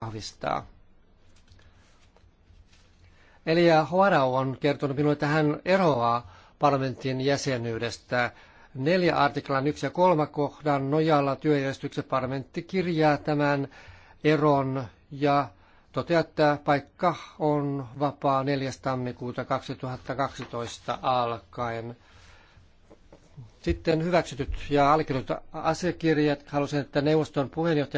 vahvistaa. Elia Huarau on kertonut minulle, että hän eroaa parlamentin jäsenyydestä. Neljä artiklan yksi ja 3 kohdan nojalla työjärjestyksen parlamentti kirjaa tämän eron ja toteaa, että paikka on vapaa 4. tammikuuta 2012 alkaen. Sitten hyväksytyt ja allekirjoitut asiakirjat. Haluaisin, että neuvoston puheenjohtaja